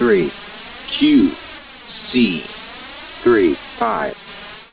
three Q C three five